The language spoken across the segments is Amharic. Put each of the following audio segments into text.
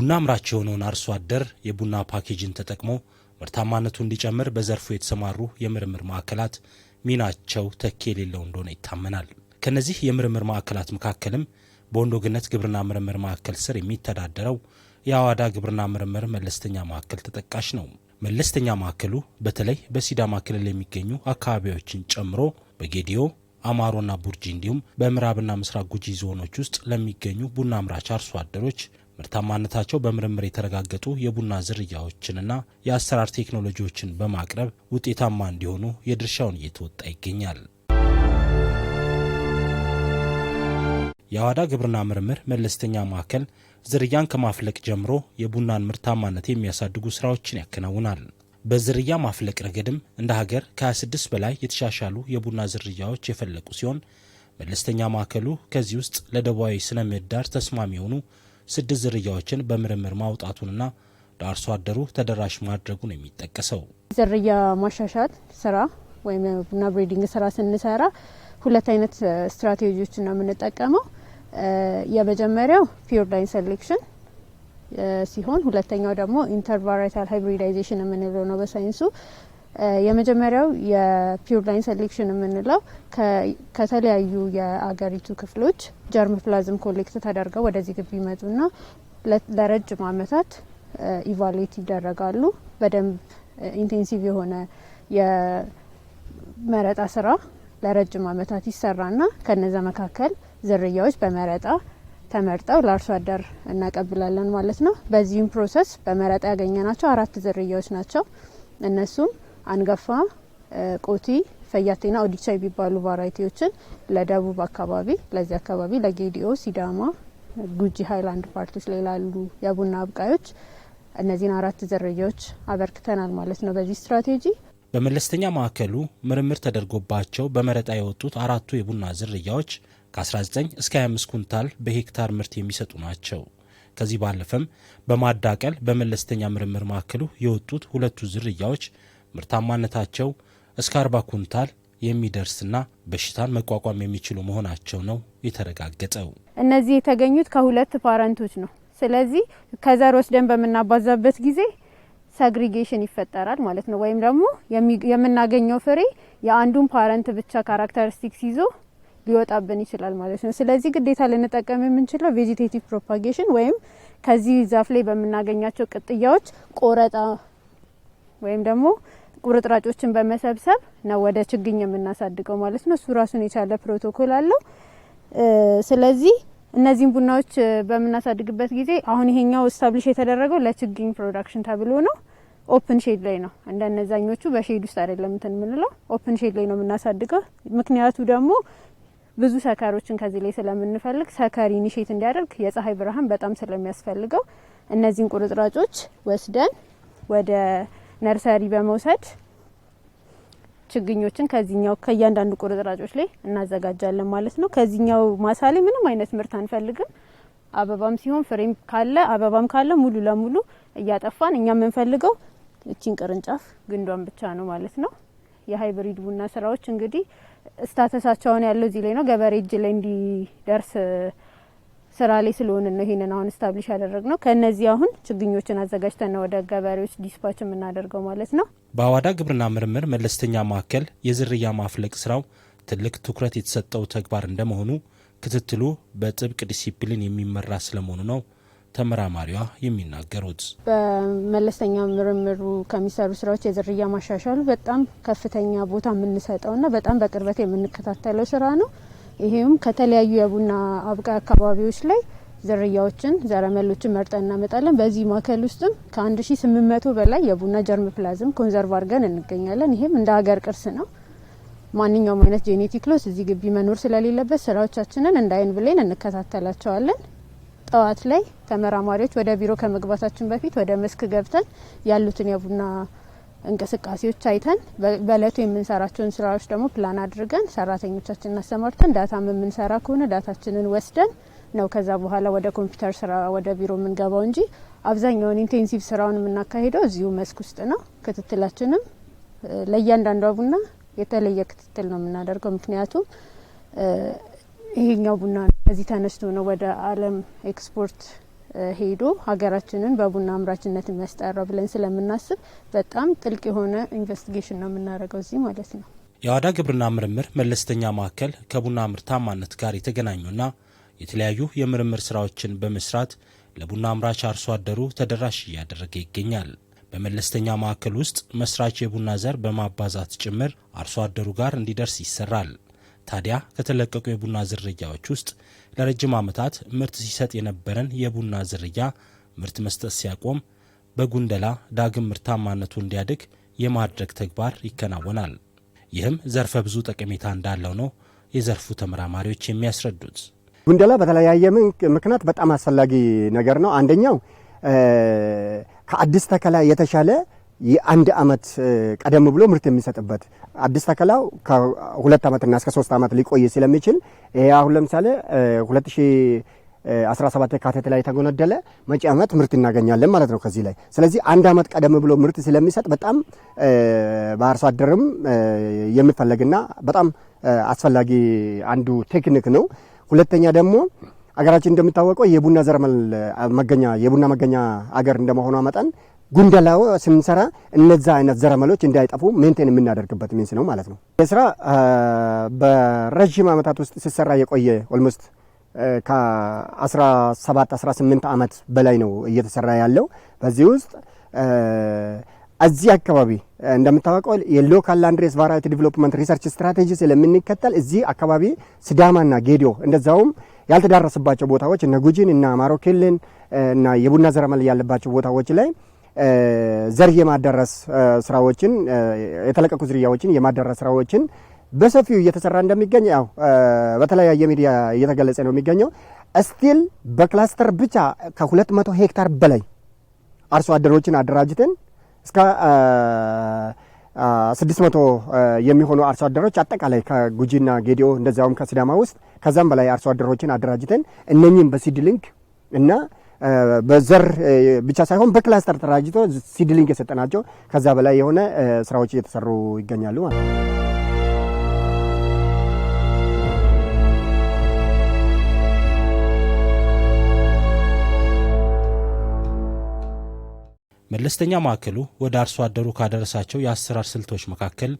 ቡና አምራች የሆነውን አርሶ አደር የቡና ፓኬጅን ተጠቅሞ ምርታማነቱ እንዲጨምር በዘርፉ የተሰማሩ የምርምር ማዕከላት ሚናቸው ተኪ የሌለው እንደሆነ ይታመናል። ከነዚህ የምርምር ማዕከላት መካከልም በወንዶ ገነት ግብርና ምርምር ማዕከል ስር የሚተዳደረው የአዋዳ ግብርና ምርምር መለስተኛ ማዕከል ተጠቃሽ ነው። መለስተኛ ማዕከሉ በተለይ በሲዳማ ክልል የሚገኙ አካባቢዎችን ጨምሮ በጌዲዮ አማሮና ቡርጂ እንዲሁም በምዕራብና ምስራቅ ጉጂ ዞኖች ውስጥ ለሚገኙ ቡና አምራች አርሶ አደሮች ምርታማነታቸው በምርምር የተረጋገጡ የቡና ዝርያዎችንና የአሰራር ቴክኖሎጂዎችን በማቅረብ ውጤታማ እንዲሆኑ የድርሻውን እየተወጣ ይገኛል። የአዋዳ ግብርና ምርምር መለስተኛ ማዕከል ዝርያን ከማፍለቅ ጀምሮ የቡናን ምርታማነት የሚያሳድጉ ስራዎችን ያከናውናል። በዝርያ ማፍለቅ ረገድም እንደ ሀገር ከ26 በላይ የተሻሻሉ የቡና ዝርያዎች የፈለቁ ሲሆን መለስተኛ ማዕከሉ ከዚህ ውስጥ ለደቡባዊ ስነ ምህዳር ተስማሚ የሆኑ ስድስት ዝርያዎችን በምርምር ማውጣቱንና ለአርሶ አደሩ ተደራሽ ማድረጉ ነው የሚጠቀሰው። ዝርያ ማሻሻት ስራ ወይም ቡና ብሬዲንግ ስራ ስንሰራ ሁለት አይነት ስትራቴጂዎችን ነው የምንጠቀመው። የመጀመሪያው ፒዮር ላይን ሴሌክሽን ሲሆን ሁለተኛው ደግሞ ኢንተርቫራይታል ሃይብሪዳይዜሽን የምንለው ነው በሳይንሱ። የመጀመሪያው የፒር ላይን ሴሌክሽን የምንለው ከተለያዩ የአገሪቱ ክፍሎች ጀርም ፕላዝም ኮሌክት ተደርገው ወደዚህ ግቢ ይመጡና ለረጅም አመታት ኢቫሉዌት ይደረጋሉ። በደንብ ኢንቴንሲቭ የሆነ የመረጣ ስራ ለረጅም አመታት ይሰራና ከነዛ መካከል ዝርያዎች በመረጣ ተመርጠው ለአርሶ አደር እናቀብላለን ማለት ነው። በዚህም ፕሮሰስ በመረጣ ያገኘ ናቸው አራት ዝርያዎች ናቸው። እነሱም አንገፋ፣ ቆቲ፣ ፈያቴና ኦዲቻ የሚባሉ ቫራይቲዎችን ለደቡብ አካባቢ ለዚህ አካባቢ ለጌዲኦ፣ ሲዳማ፣ ጉጂ ሀይላንድ ፓርቲዎች ላይ ላሉ የቡና አብቃዮች እነዚህን አራት ዝርያዎች አበርክተናል ማለት ነው በዚህ ስትራቴጂ። በመለስተኛ ማዕከሉ ምርምር ተደርጎባቸው በመረጣ የወጡት አራቱ የቡና ዝርያዎች ከ19 እስከ 25 ኩንታል በሄክታር ምርት የሚሰጡ ናቸው። ከዚህ ባለፈም በማዳቀል በመለስተኛ ምርምር ማዕከሉ የወጡት ሁለቱ ዝርያዎች ምርታማነታቸው እስከ 40 ኩንታል የሚደርስና በሽታን መቋቋም የሚችሉ መሆናቸው ነው የተረጋገጠው። እነዚህ የተገኙት ከሁለት ፓረንቶች ነው። ስለዚህ ከዘር ወስደን በምናባዛበት ጊዜ ሰግሪጌሽን ይፈጠራል ማለት ነው። ወይም ደግሞ የምናገኘው ፍሬ የአንዱን ፓረንት ብቻ ካራክተሪስቲክስ ይዞ ሊወጣብን ይችላል ማለት ነው። ስለዚህ ግዴታ ልንጠቀም የምንችለው ቬጂቴቲቭ ፕሮፓጌሽን ወይም ከዚህ ዛፍ ላይ በምናገኛቸው ቅጥያዎች ቆረጣ ወይም ደግሞ ቁርጥራጮችን በመሰብሰብ ነው ወደ ችግኝ የምናሳድገው ማለት ነው። እሱ ራሱን የቻለ ፕሮቶኮል አለው። ስለዚህ እነዚህን ቡናዎች በምናሳድግበት ጊዜ አሁን ይሄኛው ስታብሊሽ የተደረገው ለችግኝ ፕሮዳክሽን ተብሎ ነው። ኦፕን ሼድ ላይ ነው። እንደ እነዛኞቹ በሼድ ውስጥ አይደለም እንትን የምንለው ኦፕን ሼድ ላይ ነው የምናሳድገው። ምክንያቱ ደግሞ ብዙ ሰከሮችን ከዚህ ላይ ስለምንፈልግ ሰከር ኢኒሼት እንዲያደርግ የፀሐይ ብርሃን በጣም ስለሚያስፈልገው እነዚህን ቁርጥራጮች ወስደን ወደ ነርሰሪ በመውሰድ ችግኞችን ከዚህኛው ከእያንዳንዱ ቁርጥራጮች ላይ እናዘጋጃለን ማለት ነው። ከዚህኛው ማሳ ላይ ምንም አይነት ምርት አንፈልግም። አበባም ሲሆን ፍሬም ካለ አበባም ካለ ሙሉ ለሙሉ እያጠፋን እኛ የምንፈልገው እቺን ቅርንጫፍ ግንዷን ብቻ ነው ማለት ነው። የሃይብሪድ ቡና ስራዎች እንግዲህ ስታተሳቸውን ያለው እዚህ ላይ ነው። ገበሬ እጅ ላይ እንዲደርስ ስራ ላይ ስለሆነ ነው ይሄንን አሁን ስታብሊሽ ያደረግ ነው። ከእነዚህ አሁን ችግኞችን አዘጋጅተን ነው ወደ ገበሬዎች ዲስፓች የምናደርገው ማለት ነው። በአዋዳ ግብርና ምርምር መለስተኛ ማዕከል የዝርያ ማፍለቅ ስራው ትልቅ ትኩረት የተሰጠው ተግባር እንደመሆኑ ክትትሉ በጥብቅ ዲሲፕሊን የሚመራ ስለመሆኑ ነው ተመራማሪዋ የሚናገሩት በመለስተኛ ምርምሩ ከሚሰሩ ስራዎች የዝርያ ማሻሻሉ በጣም ከፍተኛ ቦታ የምንሰጠውና በጣም በቅርበት የምንከታተለው ስራ ነው። ይሄም ከተለያዩ የቡና አብቃይ አካባቢዎች ላይ ዝርያዎችን ዘረመሎችን መርጠን እናመጣለን። በዚህ ማዕከል ውስጥም ከ1800 በላይ የቡና ጀርም ፕላዝም ኮንዘርቭ አድርገን እንገኛለን። ይህም እንደ ሀገር ቅርስ ነው። ማንኛውም አይነት ጄኔቲክ ሎስ እዚህ ግቢ መኖር ስለሌለበት ስራዎቻችንን እንደ አይን ብሌን እንከታተላቸዋለን። ጠዋት ላይ ተመራማሪዎች ወደ ቢሮ ከመግባታችን በፊት ወደ መስክ ገብተን ያሉትን የቡና እንቅስቃሴዎች አይተን በእለቱ የምንሰራቸውን ስራዎች ደግሞ ፕላን አድርገን ሰራተኞቻችንን አሰማርተን ዳታም የምንሰራ ከሆነ ዳታችንን ወስደን ነው ከዛ በኋላ ወደ ኮምፒውተር ስራ ወደ ቢሮ የምንገባው እንጂ አብዛኛውን ኢንቴንሲቭ ስራውን የምናካሄደው እዚሁ መስክ ውስጥ ነው። ክትትላችንም ለእያንዳንዷ ቡና የተለየ ክትትል ነው የምናደርገው። ምክንያቱም ይሄኛው ቡና ከዚህ ተነስቶ ነው ወደ ዓለም ኤክስፖርት ሄዶ ሀገራችንን በቡና አምራችነት የሚያስጠራው ብለን ስለምናስብ በጣም ጥልቅ የሆነ ኢንቨስቲጌሽን ነው የምናደርገው እዚህ ማለት ነው። የአዋዳ ግብርና ምርምር መለስተኛ ማዕከል ከቡና ምርታማነት ጋር የተገናኙና የተለያዩ የምርምር ስራዎችን በመስራት ለቡና አምራች አርሶ አደሩ ተደራሽ እያደረገ ይገኛል። በመለስተኛ ማዕከል ውስጥ መስራች የቡና ዘር በማባዛት ጭምር አርሶ አደሩ ጋር እንዲደርስ ይሰራል። ታዲያ ከተለቀቁ የቡና ዝርያዎች ውስጥ ለረጅም ዓመታት ምርት ሲሰጥ የነበረን የቡና ዝርያ ምርት መስጠት ሲያቆም በጉንደላ ዳግም ምርታማነቱ እንዲያድግ የማድረግ ተግባር ይከናወናል። ይህም ዘርፈ ብዙ ጠቀሜታ እንዳለው ነው የዘርፉ ተመራማሪዎች የሚያስረዱት። ጉንደላ በተለያየ ምክንያት በጣም አስፈላጊ ነገር ነው። አንደኛው ከአዲስ ተከላ የተሻለ የአንድ አመት ቀደም ብሎ ምርት የሚሰጥበት አዲስ ተከላው ከሁለት ዓመትና እስከ ሶስት ዓመት ሊቆይ ስለሚችል ይሄ አሁን ለምሳሌ 2017 ካቴት ላይ የተጎነደለ መጪ ዓመት ምርት እናገኛለን ማለት ነው ከዚህ ላይ። ስለዚህ አንድ አመት ቀደም ብሎ ምርት ስለሚሰጥ በጣም በአርሶ አደርም የሚፈለግና በጣም አስፈላጊ አንዱ ቴክኒክ ነው። ሁለተኛ ደግሞ አገራችን እንደሚታወቀው የቡና ዘረመል መገኛ የቡና መገኛ አገር እንደመሆኗ መጠን ጉንደላው ስንሰራ እነዛ አይነት ዘረመሎች እንዳይጠፉ ሜንቴን የምናደርግበት ሚንስ ነው ማለት ነው። የስራ በረዥም ዓመታት ውስጥ ሲሰራ የቆየ ኦልሞስት ከ17 18 ዓመት በላይ ነው እየተሰራ ያለው። በዚህ ውስጥ እዚህ አካባቢ እንደምታወቀው የሎካል ላንድ ሬስ ቫራይቲ ዲቨሎፕመንት ሪሰርች ስትራቴጂ ስለምንከተል እዚህ አካባቢ ስዳማና ጌዲዮ እንደዛውም ያልተዳረሰባቸው ቦታዎች እነ ጉጂን እና ማሮኬልን እና የቡና ዘረመል ያለባቸው ቦታዎች ላይ ዘር የማዳረስ ስራዎችን የተለቀቁ ዝርያዎችን የማደረስ ስራዎችን በሰፊው እየተሰራ እንደሚገኝ ያው በተለያየ ሚዲያ እየተገለጸ ነው የሚገኘው። እስቲል በክላስተር ብቻ ከ200 ሄክታር በላይ አርሶ አደሮችን አደራጅተን እስከ 600 የሚሆኑ አርሶ አደሮች አጠቃላይ ከጉጂና ጌዲኦ እንደዚያውም ከሲዳማ ውስጥ ከዛም በላይ አርሶ አደሮችን አደራጅተን እነኚህም በሲድ ሊንክ እና በዘር ብቻ ሳይሆን በክላስተር ተራጅቶ ሲድሊንግ የሰጠናቸው ከዛ በላይ የሆነ ስራዎች እየተሰሩ ይገኛሉ ማለት ነው። መለስተኛ ማዕከሉ ወደ አርሶ አደሩ ካደረሳቸው የአሰራር ስልቶች መካከል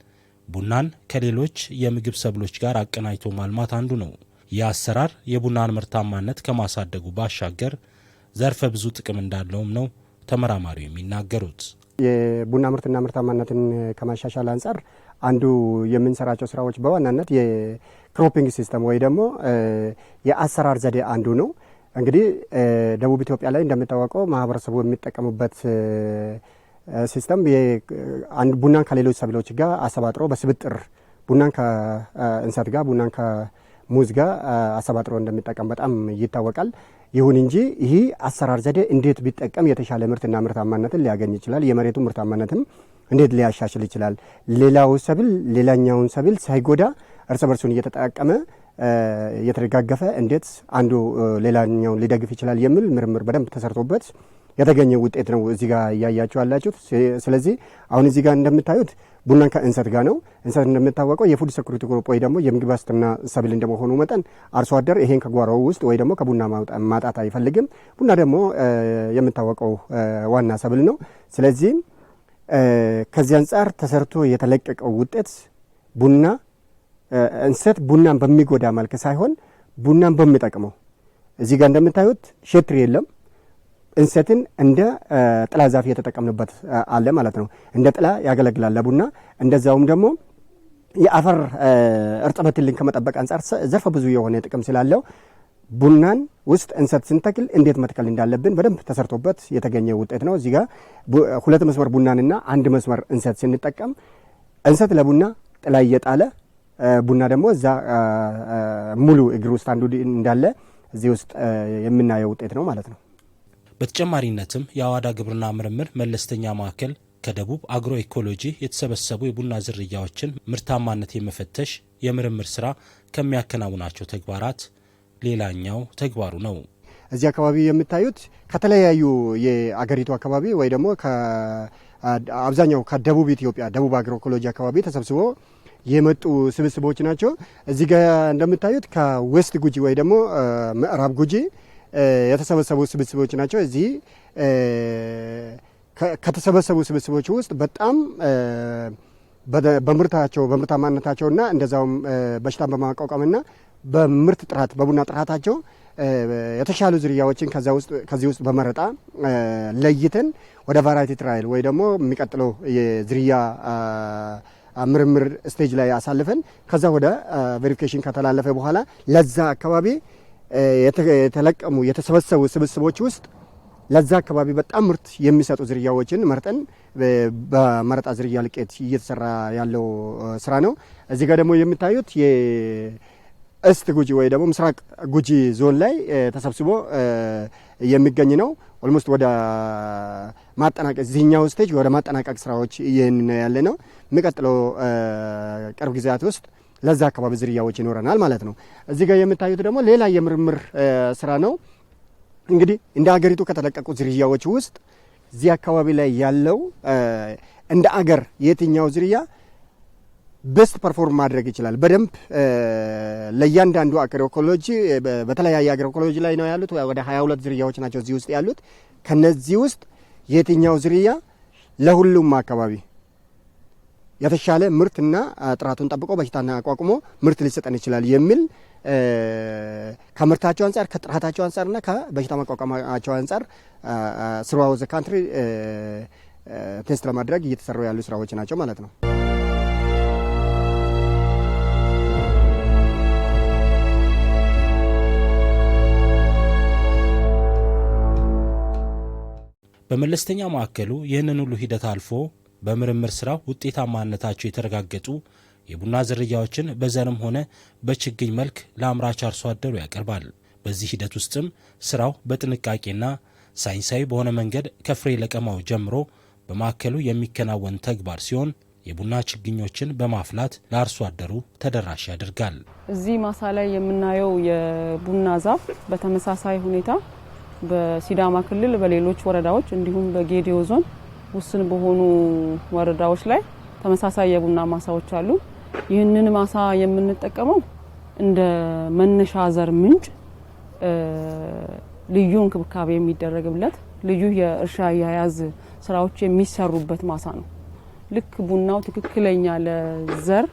ቡናን ከሌሎች የምግብ ሰብሎች ጋር አቀናጅቶ ማልማት አንዱ ነው። ይህ አሰራር የቡናን ምርታማነት ከማሳደጉ ባሻገር ዘርፈ ብዙ ጥቅም እንዳለውም ነው ተመራማሪው የሚናገሩት። የቡና ምርትና ምርታማነትን ከማሻሻል አንጻር አንዱ የምንሰራቸው ስራዎች በዋናነት የክሮፒንግ ሲስተም ወይ ደግሞ የአሰራር ዘዴ አንዱ ነው። እንግዲህ ደቡብ ኢትዮጵያ ላይ እንደሚታወቀው ማህበረሰቡ የሚጠቀሙበት ሲስተም ቡናን ከሌሎች ሰብሎች ጋር አሰባጥሮ በስብጥር ቡናን ከእንሰት ጋር ቡናን ከሙዝ ጋር አሰባጥሮ እንደሚጠቀም በጣም ይታወቃል። ይሁን እንጂ ይህ አሰራር ዘዴ እንዴት ቢጠቀም የተሻለ ምርትና ምርታማነትን ሊያገኝ ይችላል? የመሬቱ ምርታማነትም እንዴት ሊያሻሽል ይችላል? ሌላው ሰብል ሌላኛውን ሰብል ሳይጎዳ እርስ በርሱን እየተጠቀመ እየተደጋገፈ እንዴት አንዱ ሌላኛውን ሊደግፍ ይችላል የሚል ምርምር በደንብ ተሰርቶበት የተገኘ ውጤት ነው እዚህ ጋር እያያችሁ ያላችሁት። ስለዚህ አሁን እዚህ ጋር እንደምታዩት ቡናን ከእንሰት ጋር ነው። እንሰት እንደምታወቀው የፉድ ሰኩሪቲ ግሩፕ ወይ ደግሞ የምግብ ዋስትና ሰብል እንደመሆኑ መጠን አርሶ አደር ይሄን ከጓሮው ውስጥ ወይ ደግሞ ከቡና ማጣት አይፈልግም። ቡና ደግሞ የምታወቀው ዋና ሰብል ነው። ስለዚህ ከዚህ አንጻር ተሰርቶ የተለቀቀው ውጤት ቡና እንሰት ቡናን በሚጎዳ መልክ ሳይሆን ቡናን በሚጠቅመው እዚህ ጋር እንደምታዩት ሸትር የለም እንሰትን እንደ ጥላ ዛፍ እየተጠቀምንበት አለ ማለት ነው። እንደ ጥላ ያገለግላል ለቡና እንደዚያውም ደግሞ የአፈር እርጥበትን ከመጠበቅ አንጻር ዘርፈ ብዙ የሆነ ጥቅም ስላለው ቡናን ውስጥ እንሰት ስንተክል እንዴት መትከል እንዳለብን በደንብ ተሰርቶበት የተገኘ ውጤት ነው። እዚህ ጋር ሁለት መስመር ቡናንና አንድ መስመር እንሰት ስንጠቀም እንሰት ለቡና ጥላ እየጣለ ቡና ደግሞ እዛ ሙሉ እግር ውስጥ አንዱ እንዳለ እዚህ ውስጥ የምናየው ውጤት ነው ማለት ነው። በተጨማሪነትም የአዋዳ ግብርና ምርምር መለስተኛ ማዕከል ከደቡብ አግሮ ኢኮሎጂ የተሰበሰቡ የቡና ዝርያዎችን ምርታማነት የመፈተሽ የምርምር ስራ ከሚያከናውናቸው ተግባራት ሌላኛው ተግባሩ ነው። እዚህ አካባቢ የምታዩት ከተለያዩ የአገሪቱ አካባቢ ወይ ደግሞ አብዛኛው ከደቡብ ኢትዮጵያ ደቡብ አግሮ ኢኮሎጂ አካባቢ ተሰብስቦ የመጡ ስብስቦች ናቸው። እዚህ ጋ እንደምታዩት ከዌስት ጉጂ ወይ ደግሞ ምዕራብ ጉጂ የተሰበሰቡ ስብስቦች ናቸው። እዚህ ከተሰበሰቡ ስብስቦች ውስጥ በጣም በምርታቸው በምርታማነታቸውና እንደዛውም በሽታን በማቋቋምና በምርት ጥራት በቡና ጥራታቸው የተሻሉ ዝርያዎችን ከዚህ ውስጥ በመረጣ ለይትን ወደ ቫራይቲ ትራይል ወይ ደግሞ የሚቀጥለው የዝርያ ምርምር ስቴጅ ላይ አሳልፈን ከዛ ወደ ቬሪፊኬሽን ከተላለፈ በኋላ ለዛ አካባቢ የተለቀሙ የተሰበሰቡ ስብስቦች ውስጥ ለዛ አካባቢ በጣም ምርት የሚሰጡ ዝርያዎችን መርጠን በመረጣ ዝርያ ልቄት እየተሰራ ያለው ስራ ነው። እዚህ ጋር ደግሞ የምታዩት የእስት ጉጂ ወይ ደግሞ ምስራቅ ጉጂ ዞን ላይ ተሰብስቦ የሚገኝ ነው። ኦልሞስት ወደ ማጠናቀቅ እዚህኛው ስቴጅ ወደ ማጠናቀቅ ስራዎች ይህን ያለ ነው። የሚቀጥለው ቅርብ ጊዜያት ውስጥ ለዛ አካባቢ ዝርያዎች ይኖረናል ማለት ነው። እዚህ ጋር የምታዩት ደግሞ ሌላ የምርምር ስራ ነው። እንግዲህ እንደ አገሪቱ ከተለቀቁ ዝርያዎች ውስጥ እዚህ አካባቢ ላይ ያለው እንደ አገር የትኛው ዝርያ ቤስት ፐርፎርም ማድረግ ይችላል። በደንብ ለእያንዳንዱ አግሮኢኮሎጂ በተለያየ አግሮኢኮሎጂ ላይ ነው ያሉት። ወደ 22 ዝርያዎች ናቸው እዚህ ውስጥ ያሉት። ከነዚህ ውስጥ የትኛው ዝርያ ለሁሉም አካባቢ የተሻለ ምርትና ጥራቱን ጠብቆ በሽታና አቋቁሞ ምርት ሊሰጠን ይችላል የሚል ከምርታቸው አንጻር ከጥራታቸው አንጻርና ከበሽታ መቋቋማቸው አንጻር ስሯ ወዘ ካንትሪ ቴስት ለማድረግ እየተሰሩ ያሉ ስራዎች ናቸው ማለት ነው። በመለስተኛ ማዕከሉ ይህንን ሁሉ ሂደት አልፎ በምርምር ስራ ውጤታማነታቸው የተረጋገጡ የቡና ዝርያዎችን በዘርም ሆነ በችግኝ መልክ ለአምራች አርሶ አደሩ ያቀርባል። በዚህ ሂደት ውስጥም ስራው በጥንቃቄና ሳይንሳዊ በሆነ መንገድ ከፍሬ ለቀማው ጀምሮ በማዕከሉ የሚከናወን ተግባር ሲሆን የቡና ችግኞችን በማፍላት ለአርሶ አደሩ ተደራሽ ያደርጋል። እዚህ ማሳ ላይ የምናየው የቡና ዛፍ በተመሳሳይ ሁኔታ በሲዳማ ክልል በሌሎች ወረዳዎች እንዲሁም በጌዲዮ ዞን ውስን በሆኑ ወረዳዎች ላይ ተመሳሳይ የቡና ማሳዎች አሉ። ይህንን ማሳ የምንጠቀመው እንደ መነሻ ዘር ምንጭ ልዩ እንክብካቤ የሚደረግለት ልዩ የእርሻ አያያዝ ስራዎች የሚሰሩበት ማሳ ነው። ልክ ቡናው ትክክለኛ ለዘር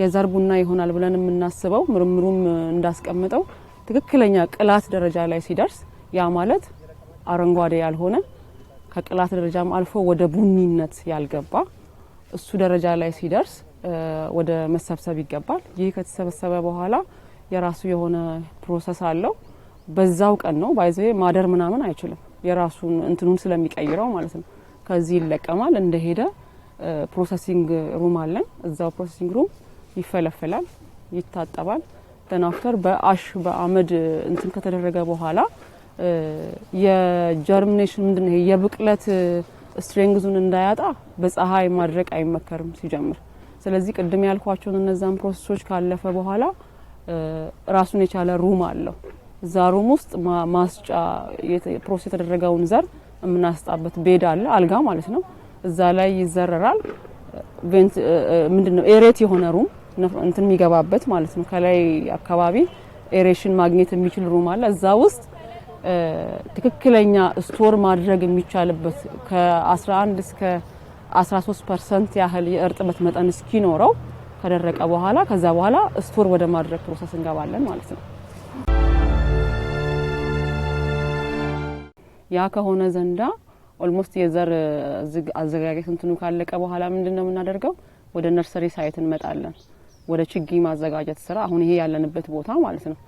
የዘር ቡና ይሆናል ብለን የምናስበው ምርምሩም እንዳስቀምጠው ትክክለኛ ቅላት ደረጃ ላይ ሲደርስ ያ ማለት አረንጓዴ ያልሆነ ከቅላት ደረጃም አልፎ ወደ ቡኒነት ያልገባ እሱ ደረጃ ላይ ሲደርስ ወደ መሰብሰብ ይገባል። ይህ ከተሰበሰበ በኋላ የራሱ የሆነ ፕሮሰስ አለው። በዛው ቀን ነው ባይዘ ማደር ምናምን አይችልም። የራሱን እንትኑን ስለሚቀይረው ማለት ነው። ከዚህ ይለቀማል። እንደሄደ ፕሮሰሲንግ ሩም አለን። እዛው ፕሮሰሲንግ ሩም ይፈለፈላል፣ ይታጠባል። ደን አፍተር በአሽ በአመድ እንትን ከተደረገ በኋላ የጀርሚኔሽን ምንድን ነው የብቅለት ስትሬንግዙን እንዳያጣ በፀሐይ ማድረቅ አይመከርም ሲጀምር። ስለዚህ ቅድም ያልኳቸውን እነዛን ፕሮሰሶች ካለፈ በኋላ ራሱን የቻለ ሩም አለው። እዛ ሩም ውስጥ ማስጫ ፕሮሰስ የተደረገውን ዘር የምናስጣበት ቤድ አለ፣ አልጋ ማለት ነው። እዛ ላይ ይዘረራል። ምንድነው ኤሬት የሆነ ሩም እንትን የሚገባበት ማለት ነው። ከላይ አካባቢ ኤሬሽን ማግኘት የሚችል ሩም አለ እዛ ውስጥ ትክክለኛ ስቶር ማድረግ የሚቻልበት ከ11 እስከ 13 ፐርሰንት ያህል የእርጥበት መጠን እስኪኖረው ከደረቀ በኋላ ከዛ በኋላ ስቶር ወደ ማድረግ ፕሮሰስ እንገባለን ማለት ነው። ያ ከሆነ ዘንዳ ኦልሞስት የዘር አዘጋጀት እንትኑ ካለቀ በኋላ ምንድን ነው የምናደርገው? ወደ ነርሰሪ ሳይት እንመጣለን። ወደ ችግኝ ማዘጋጀት ስራ አሁን ይሄ ያለንበት ቦታ ማለት ነው።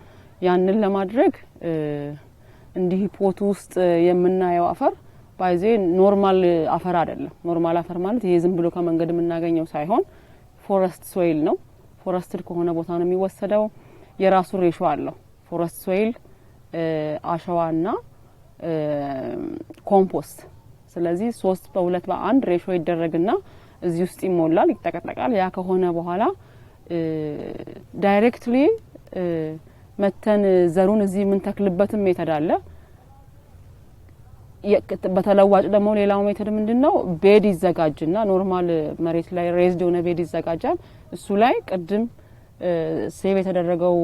ያንን ለማድረግ እንዲህ ፖት ውስጥ የምናየው አፈር ባይዜ ኖርማል አፈር አይደለም። ኖርማል አፈር ማለት ይሄ ዝም ብሎ ከመንገድ የምናገኘው ሳይሆን ፎረስት ሶይል ነው። ፎረስትድ ከሆነ ቦታ ነው የሚወሰደው። የራሱ ሬሾ አለው። ፎረስት ሶይል፣ አሸዋና ኮምፖስት። ስለዚህ ሶስት በሁለት በአንድ ሬሾ ይደረግና እዚህ ውስጥ ይሞላል፣ ይጠቀጠቃል። ያ ከሆነ በኋላ ዳይሬክትሊ መተን ዘሩን እዚህ የምንተክልበትም ሜተድ አለ። በተለዋጭ ደግሞ ሌላው ሜተድ ምንድን ነው? ቤድ ይዘጋጅና ኖርማል መሬት ላይ ሬዝድ የሆነ ቤድ ይዘጋጃል። እሱ ላይ ቅድም ሴብ የተደረገው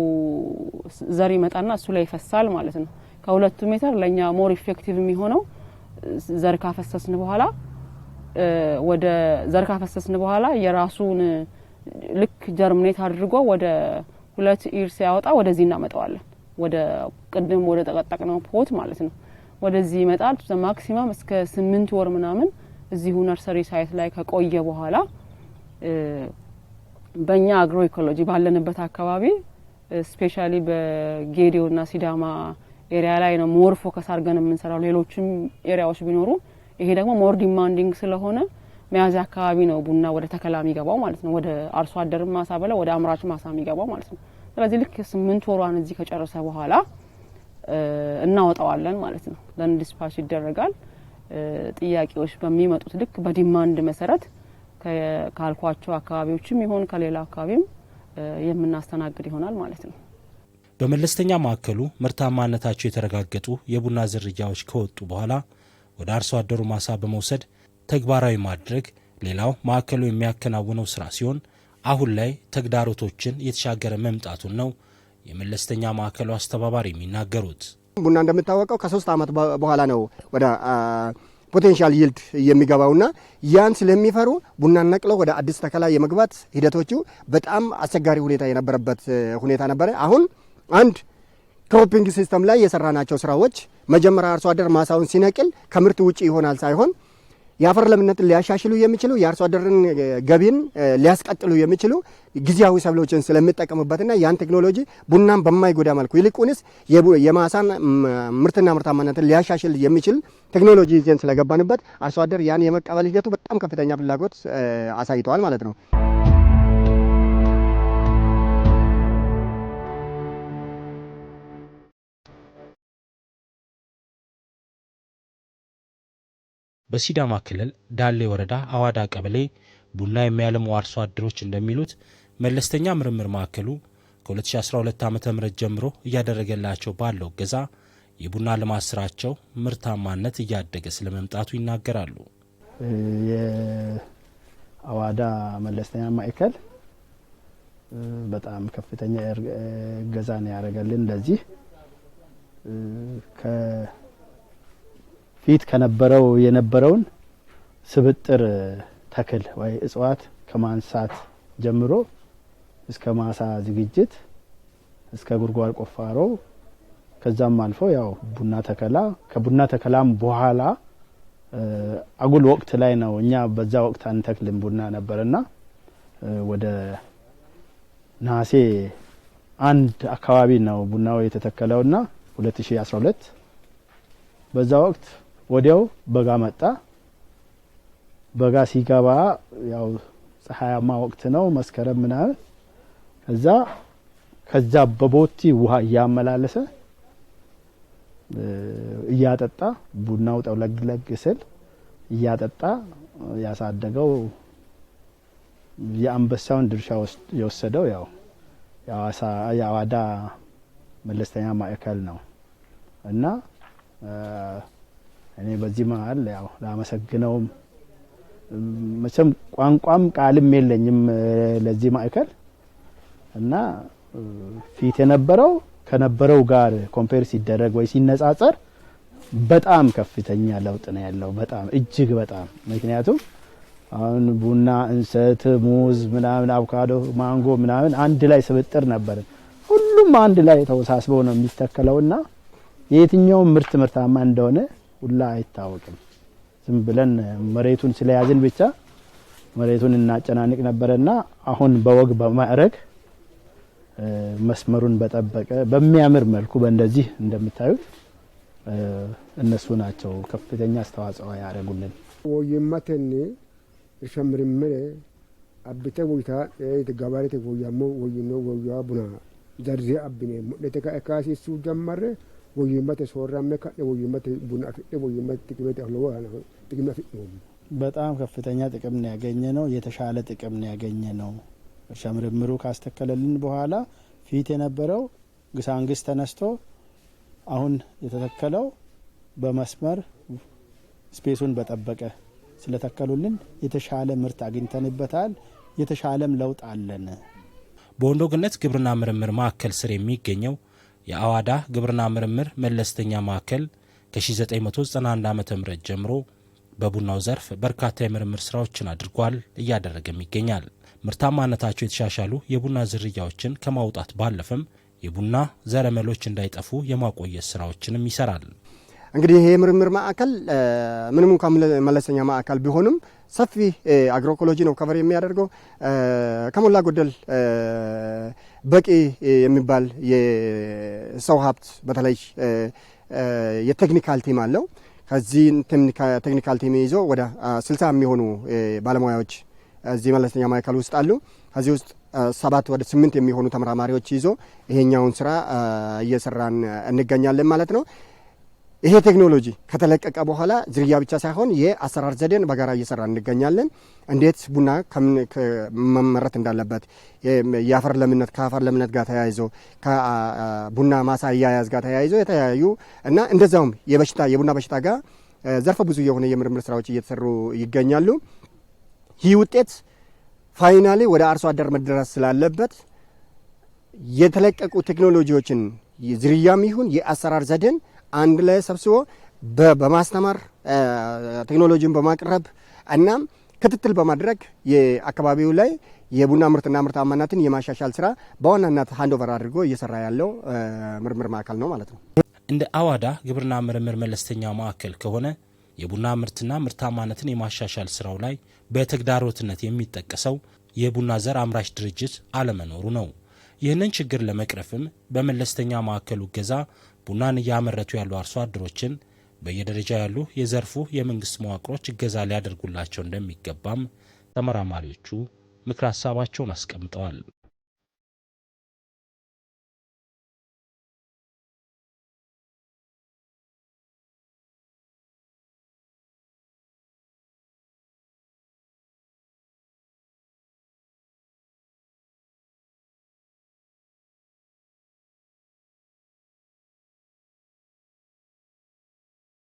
ዘር ይመጣና እሱ ላይ ይፈሳል ማለት ነው። ከሁለቱ ሜተር ለእኛ ሞር ኢፌክቲቭ የሚሆነው ዘር ካፈሰስን በኋላ ወደ ዘር ካፈሰስን በኋላ የራሱን ልክ ጀርምኔት አድርጎ ወደ ሁለት ኢር ሲያወጣ ወደዚህ እናመጣዋለን። ወደ ቅድም ወደ ጠቀጠቅነው ፖት ማለት ነው። ወደዚህ ይመጣል። ማክሲማም እስከ ስምንት ወር ምናምን እዚሁ ነርሰሪ ሳይት ላይ ከቆየ በኋላ በእኛ አግሮ ኢኮሎጂ ባለንበት አካባቢ ስፔሻሊ ና ሲዳማ ኤሪያ ላይ ነው ሞር ፎከስ አድርገን የምንሰራው። ሌሎችም ኤሪያዎች ቢኖሩ ይሄ ደግሞ ሞር ዲማንዲንግ ስለሆነ ሚያዝያ አካባቢ ነው ቡና ወደ ተከላ የሚገባው ማለት ነው። ወደ አርሶ አደር ማሳ በላ ወደ አምራች ማሳ የሚገባው ማለት ነው። ስለዚህ ልክ ስምንት ወሯን እዚህ ከጨረሰ በኋላ እናወጣዋለን ማለት ነው። ለን ዲስፓች ይደረጋል። ጥያቄዎች በሚመጡት ልክ በዲማንድ መሰረት ካልኳቸው አካባቢዎችም ይሆን ከሌላ አካባቢም የምናስተናግድ ይሆናል ማለት ነው። በመለስተኛ ማዕከሉ ምርታማነታቸው የተረጋገጡ የቡና ዝርያዎች ከወጡ በኋላ ወደ አርሶ አደሩ ማሳ በመውሰድ ተግባራዊ ማድረግ ሌላው ማዕከሉ የሚያከናውነው ስራ ሲሆን አሁን ላይ ተግዳሮቶችን የተሻገረ መምጣቱን ነው የመለስተኛ ማዕከሉ አስተባባሪ የሚናገሩት። ቡና እንደምታወቀው ከሶስት ዓመት በኋላ ነው ወደ ፖቴንሻል ይልድ የሚገባውና ያን ስለሚፈሩ ቡናን ነቅለው ወደ አዲስ ተከላ የመግባት ሂደቶቹ በጣም አስቸጋሪ ሁኔታ የነበረበት ሁኔታ ነበረ። አሁን አንድ ክሮፒንግ ሲስተም ላይ የሰራናቸው ስራዎች መጀመሪያ አርሶ አደር ማሳውን ሲነቅል ከምርት ውጭ ይሆናል ሳይሆን የአፈር ለምነትን ሊያሻሽሉ የሚችሉ የአርሶ አደርን ገቢን ሊያስቀጥሉ የሚችሉ ጊዜያዊ ሰብሎችን ስለሚጠቀሙበትና ያን ቴክኖሎጂ ቡናን በማይጎዳ መልኩ ይልቁንስ የማሳን ምርትና ምርታማነትን ሊያሻሽል የሚችል ቴክኖሎጂ ይዘን ስለገባንበት አርሶ አደር ያን የመቀበል ሂደቱ በጣም ከፍተኛ ፍላጎት አሳይተዋል ማለት ነው። በሲዳማ ክልል ዳሌ ወረዳ አዋዳ ቀበሌ ቡና የሚያለሙ አርሶ አደሮች እንደሚሉት መለስተኛ ምርምር ማዕከሉ ከ2012 ዓ ም ጀምሮ እያደረገላቸው ባለው እገዛ የቡና ልማት ስራቸው ምርታማነት እያደገ ስለመምጣቱ ይናገራሉ። የአዋዳ መለስተኛ ማዕከል በጣም ከፍተኛ እገዛ ነው ያደረገልን ለዚህ ፊት ከነበረው የነበረውን ስብጥር ተክል ወይ እጽዋት ከማንሳት ጀምሮ እስከ ማሳ ዝግጅት እስከ ጉርጓር ቆፋሮ ከዛም አልፎ ያው ቡና ተከላ ከቡና ተከላም በኋላ አጉል ወቅት ላይ ነው። እኛ በዛ ወቅት አንተክልም ቡና ነበርና ወደ ነሐሴ አንድ አካባቢ ነው ቡናው የተተከለውና 2012 በዛ ወቅት ወዲያው በጋ መጣ። በጋ ሲገባ ያው ፀሐያማ ወቅት ነው መስከረም ምናምን። ከዛ ከዛ በቦቲ ውሃ እያመላለሰ እያጠጣ ቡናው ጠውለግለግ ስል እያጠጣ ያሳደገው የአንበሳውን ድርሻ የወሰደው ያው የአዋዳ መለስተኛ ማዕከል ነው እና እኔ በዚህ መሀል ያው ላመሰግነውም መቼም ቋንቋም ቃልም የለኝም ለዚህ ማዕከል እና ፊት የነበረው ከነበረው ጋር ኮምፔር ሲደረግ ወይ ሲነጻጸር በጣም ከፍተኛ ለውጥ ነው ያለው። በጣም እጅግ በጣም ምክንያቱም አሁን ቡና፣ እንሰት፣ ሙዝ ምናምን፣ አቮካዶ፣ ማንጎ ምናምን አንድ ላይ ስብጥር ነበር። ሁሉም አንድ ላይ ተወሳስበው ነው የሚተከለውና የትኛውም ምርት ምርታማ እንደሆነ ሁላ አይታወቅም። ዝም ብለን መሬቱን ስለያዝን ብቻ መሬቱን እናጨናንቅ ነበረና አሁን በወግ በማዕረግ መስመሩን በጠበቀ በሚያምር መልኩ በእንደዚህ እንደምታዩት እነሱ ናቸው ከፍተኛ አስተዋጽኦ ያደረጉልን። ወይመቴን ሸምርምር አብተ ወይታ ገባሬ ወያሞ ወይኖ ወያ ቡና ዘርዜ አብኔ ሙለተካ ካሲሱ ሱ ወዩመት ሶራሜ ካደ ወዩመት ቡና ፊደ ወዩመት ጥቅሜ ጠቅሎ ጥቅሜ ፊደ በጣም ከፍተኛ ጥቅም ነው ያገኘ ነው። የተሻለ ጥቅም ነው ያገኘ ነው። እርሻ ምርምሩ ካስተከለልን በኋላ ፊት የነበረው ግሳንግስ ተነስቶ አሁን የተተከለው በመስመር ስፔሱን በጠበቀ ስለተከሉልን የተሻለ ምርት አግኝተንበታል። የተሻለም ለውጥ አለን። በወንዶ ገነት ግብርና ምርምር ማዕከል ስር የሚገኘው የአዋዳ ግብርና ምርምር መለስተኛ ማዕከል ከ1991 ዓ ም ጀምሮ በቡናው ዘርፍ በርካታ የምርምር ስራዎችን አድርጓል፣ እያደረገም ይገኛል። ምርታማነታቸው የተሻሻሉ የቡና ዝርያዎችን ከማውጣት ባለፈም የቡና ዘረመሎች እንዳይጠፉ የማቆየት ስራዎችንም ይሰራል። እንግዲህ ይሄ የምርምር ማዕከል ምንም እንኳ መለስተኛ ማዕከል ቢሆንም ሰፊ አግሮኢኮሎጂ ነው ከቨር የሚያደርገው ከሞላ ጎደል በቂ የሚባል የሰው ሀብት በተለይ የቴክኒካል ቲም አለው። ከዚህ ቴክኒካል ቲም ይዞ ወደ ስልሳ የሚሆኑ ባለሙያዎች እዚህ መለስተኛ ማዕከል ውስጥ አሉ። ከዚህ ውስጥ ሰባት ወደ ስምንት የሚሆኑ ተመራማሪዎች ይዞ ይሄኛውን ስራ እየሰራን እንገኛለን ማለት ነው። ይሄ ቴክኖሎጂ ከተለቀቀ በኋላ ዝርያ ብቻ ሳይሆን የአሰራር ዘዴን በጋራ እየሰራ እንገኛለን። እንዴት ቡና መመረት እንዳለበት የአፈር ለምነት ከአፈር ለምነት ጋር ተያይዞ ከቡና ማሳ እያያዝ ጋር ተያይዞ የተለያዩ እና እንደዚያውም የበሽታ የቡና በሽታ ጋር ዘርፈ ብዙ የሆነ የምርምር ስራዎች እየተሰሩ ይገኛሉ። ይህ ውጤት ፋይናሌ ወደ አርሶ አደር መድረስ ስላለበት የተለቀቁ ቴክኖሎጂዎችን ዝርያም ይሁን የአሰራር ዘዴን አንድ ላይ ሰብስቦ በማስተማር ቴክኖሎጂን በማቅረብ እና ክትትል በማድረግ የአካባቢው ላይ የቡና ምርትና ምርታማነትን የማሻሻል ስራ በዋናነት ሀንድ አድርጎ እየሰራ ያለው ምርምር ማዕከል ነው ማለት ነው። እንደ አዋዳ ግብርና ምርምር መለስተኛ ማዕከል ከሆነ የቡና ምርትና ምርታማነትን የማሻሻል ስራው ላይ በተግዳሮትነት የሚጠቀሰው የቡና ዘር አምራች ድርጅት አለመኖሩ ነው። ይህንን ችግር ለመቅረፍም በመለስተኛ ማዕከሉ እገዛ ቡናን እያመረቱ ያሉ አርሶ አደሮችን በየደረጃ ያሉ የዘርፉ የመንግስት መዋቅሮች እገዛ ሊያደርጉላቸው እንደሚገባም ተመራማሪዎቹ ምክር ሀሳባቸውን አስቀምጠዋል።